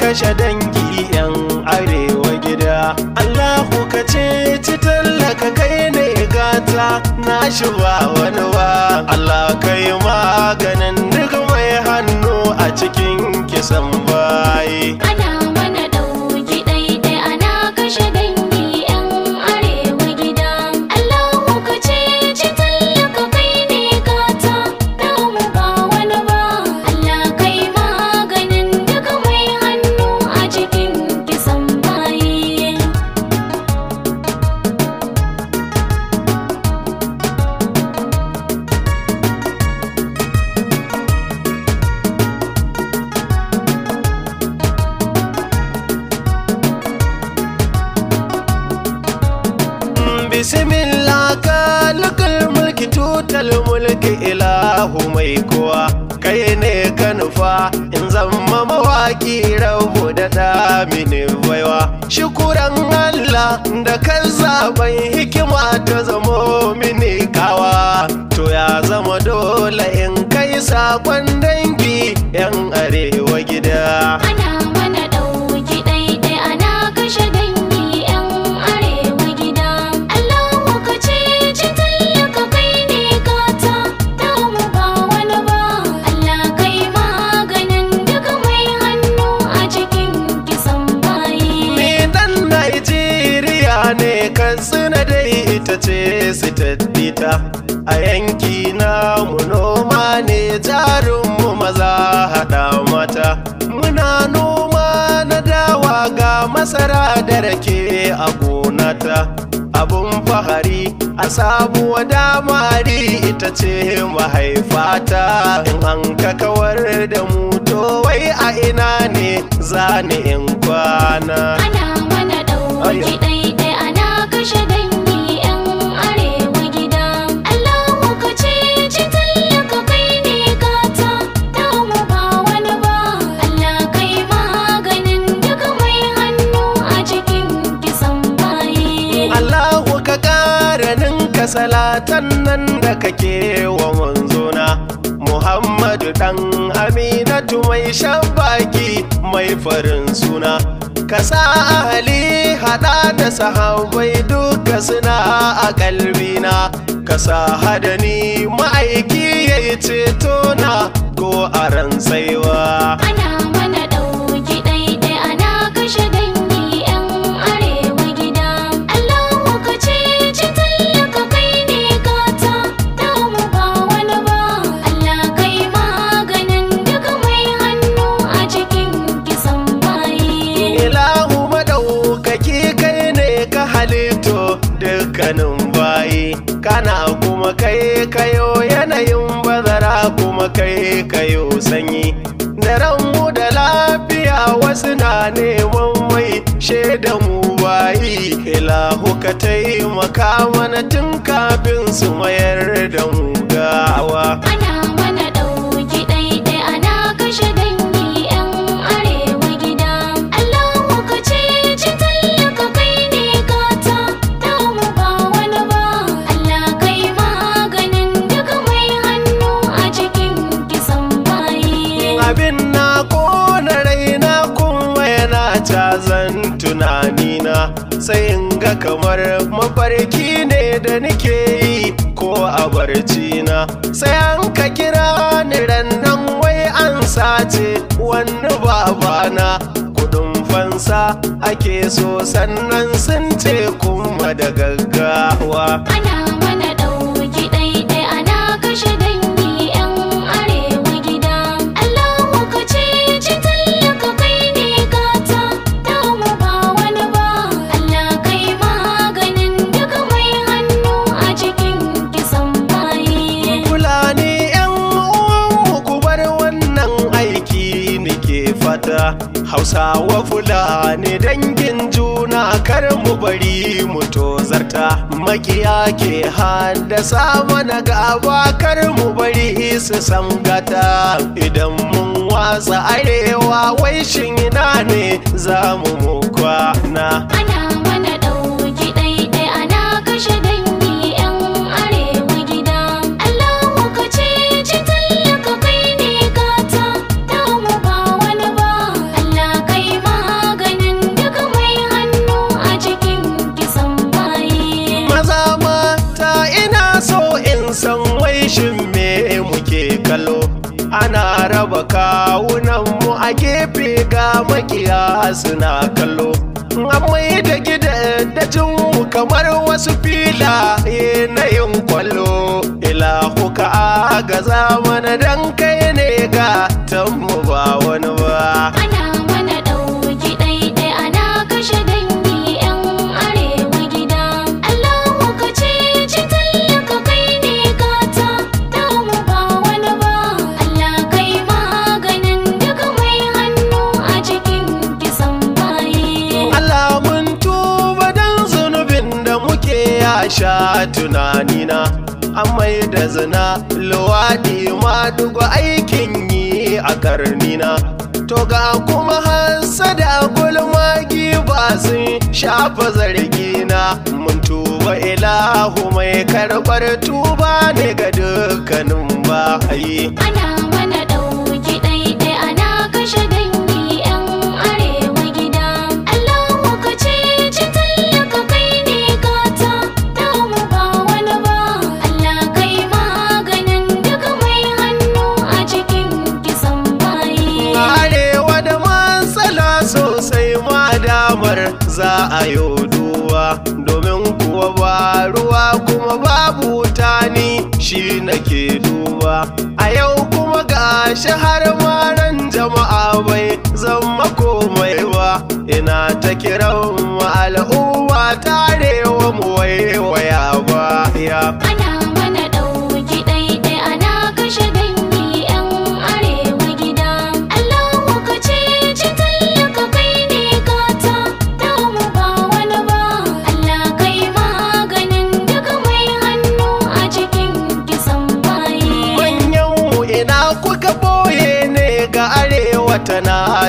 kashe dangi yan arewa gida Allahu ka ce ci tallaka kai ne gata na shi ba wani ba Allah kai maganin duk mai hannu a cikin kisan bayi bismillah kalikul mulki tutal mulki ilahu mai kowa kai ne ka in zama mawaki rabu da damini baiwa shukuran Allah da kan zaben hikima ta zamo mini kawa to ya zama dole in kai sakon dangi yan arewa gida ana mana da a gonata abun fahari a sabuwa damari ita ce mahaifata in an ka da mu wai a ina ne za ni in kwana ana mana fatan nan da kake wa manzona Muhammadu ɗan Aminatu mai baki, mai farin suna Kasa ahali haɗa da sahabai duka suna a kalbina Kasa hadani ma'aiki ya yi ceto na ko a saiwa Ana mana kai kayo sanyi da ranmu da lafiya wasu na neman mai shaidan mu bayi ilahu ka taimaka mana tun kafin su mayar da mu gawa sai an ka kira ni nan wai an sace wani babana kudin fansa ake so sannan sun ce kuma da gaggawa. Ana mana mata hausawa fulani dangin juna kar mu bari mu tozarta makiya ke haddasa mana gaba kar mu bari su sangata idan mun wasa arewa wai shin ina ne za mu kwana a gefe ga makiya suna kallo amai da gida da mu kamar wasu fila na yin kwallo ila kuka gaza shafa na mun tuba ilahu mai karɓar tuba ne ga dukkanin bayi. kamar za a yi domin kuwa ba ruwa kuma babu tani ni shi nake duba a yau kuma ga shi har maran jama'a bai zama komai ba ina ta kirau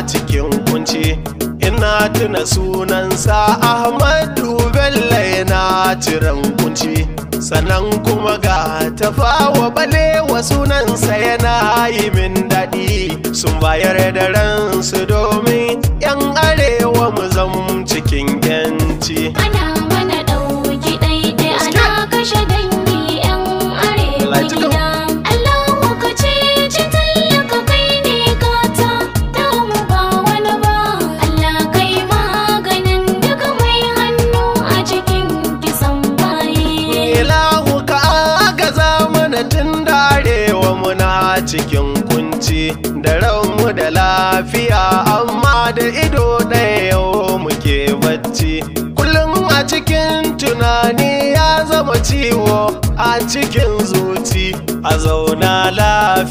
cikin kunci ina tuna sunansa ahmadu bello yana ciran kunci sanan kuma ga tafawa balewa sunansa yana yi min daɗi sun bayar da ransu domin yan arewa mu zam cikin yanci.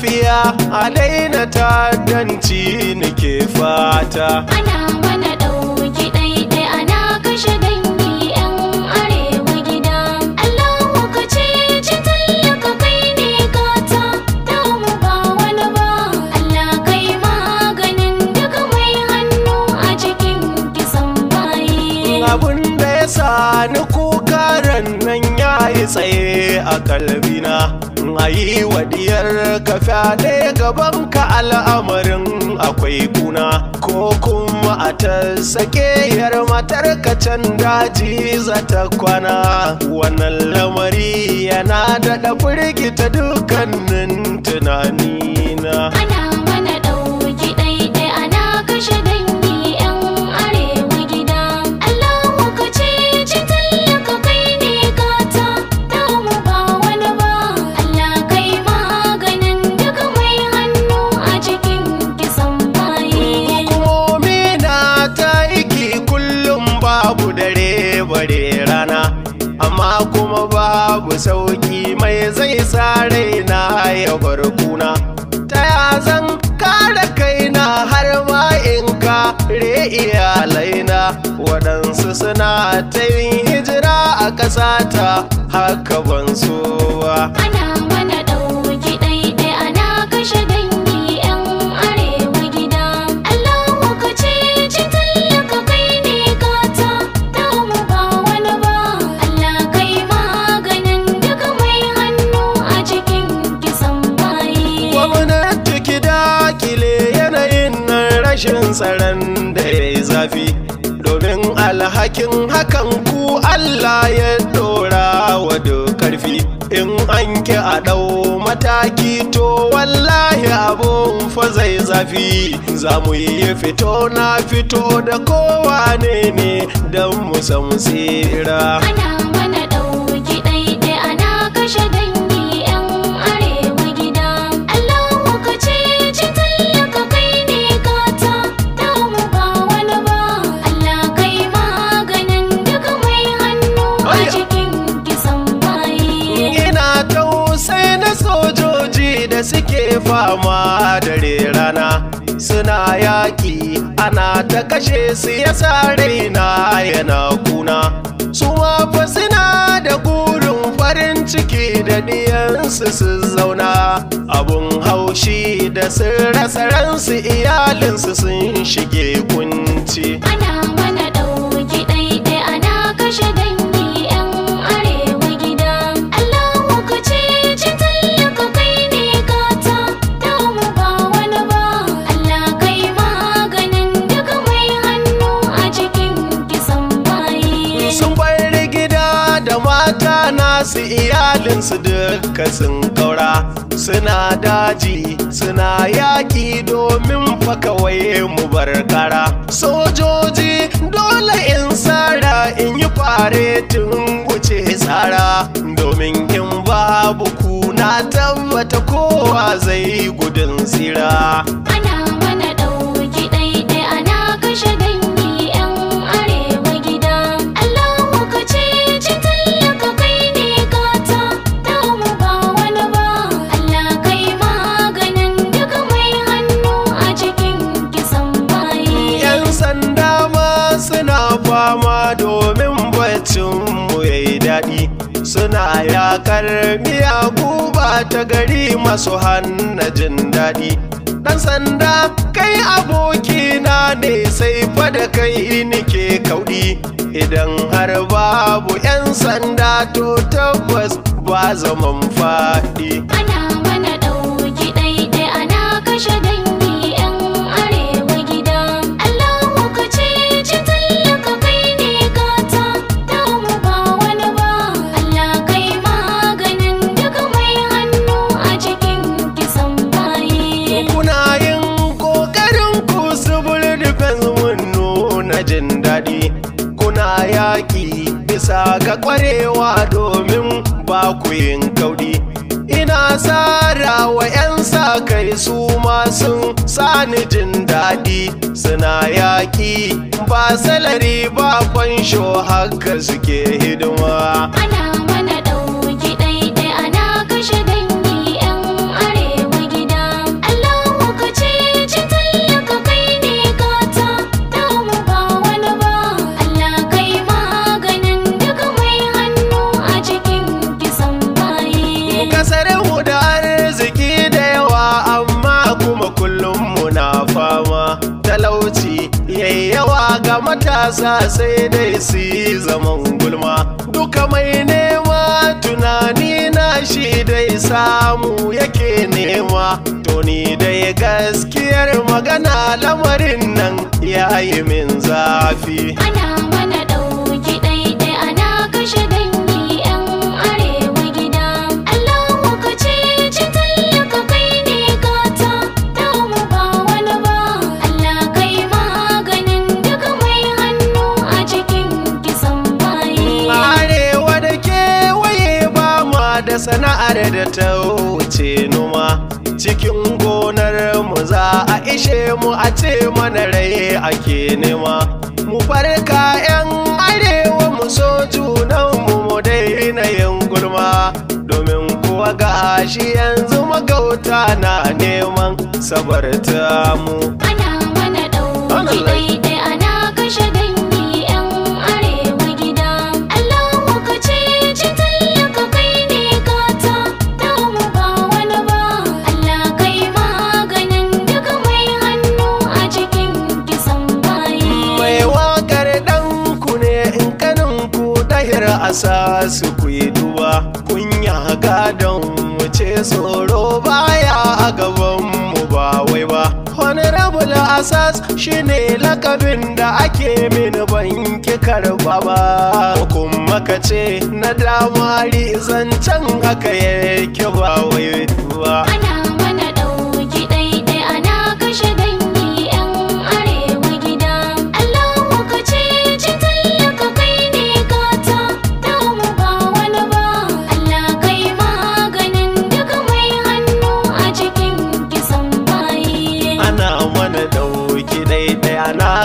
lafiya a daina danci nake fata ana mana ɗauki ɗaiɗai ana kashe dangi yan arewa gida Allah ka ce ci tallaka kai ne gata ta mu ba wani ba Allah kai maganin duka mai hannu a cikin kisan bayi abun da ya sa ni kuka ran nan yi tsaye a kalbina ayi wa diyar ka fyaɗe gaban ka al'amarin akwai kuna ko kuma a ta sake yar matar ka can daji za ta kwana wannan lamari yana daɗa firgita dukkanin tunani sare na ya barkuna ta ya zan kare kaina har ma in kare iyalaina wadansu suna ta yin hijira a ƙasata haka ban so alhakin hakan ku Allah ya dora wa da karfi in an ki a ɗau mataki to wallahi abun fa zai zafi za mu yi fito na fito da kowa ne ne don mu samu tsira. Ana mana suke fama da rana suna yaki ana ta kashe su ya sa raina yana kuna su fa suna da gurin farin ciki da diyansu su zauna abun haushi da sun ransu iyalinsu sun shige kunci ana mana ɗauki ɗaiɗai ana kashe dangi Wasu iyalinsu duka sun kaura suna daji suna yaƙi domin fakawaye mu barkara sojoji dole in sara in yi faretin wuce tsara domin in babu kuna tabbata kowa zai gudun tsira masu hanna jin daɗi ɗan sanda kai abokina ne sai fada kai nike kauɗi idan har babu 'yan sanda to tabbas ba zaman faɗi. jin daɗi kuna yaƙi bisa ga ƙwarewa domin ba ku yin kauɗi ina tsara wa 'yan sa kai su ma sun sani jin daɗi suna yaƙi ba salari ba fansho haka suke hidima. sa sai dai su yi zaman gulma duka mai nema tunani na shi dai samu yake nema toni dai gaskiyar magana lamarin nan ya yi min zafi Ana tare da ta wuce numa cikin gonar mu za a ishe mu a ce mana raye ake nema mu farka 'yan arewa mu so junan mu daina yin gulma domin kuwa ga shi yanzu magauta na neman sabarta mu. kar a sa su duba kunya gadon ce tsoro baya a gaban mu ba wai ba honorable asas shine lakabin da ake mini banki karba ba kuma ka ce na damari zancen haka yake ba wai duwa.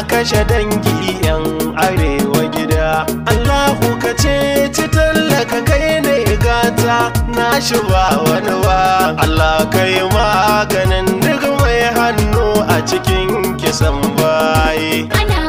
kashe dangi yan arewa gida Allahu ka ce ci tallaka kai ne gata na shi ba wani ba Allah kai maganin duk mai hannu a cikin kisan baye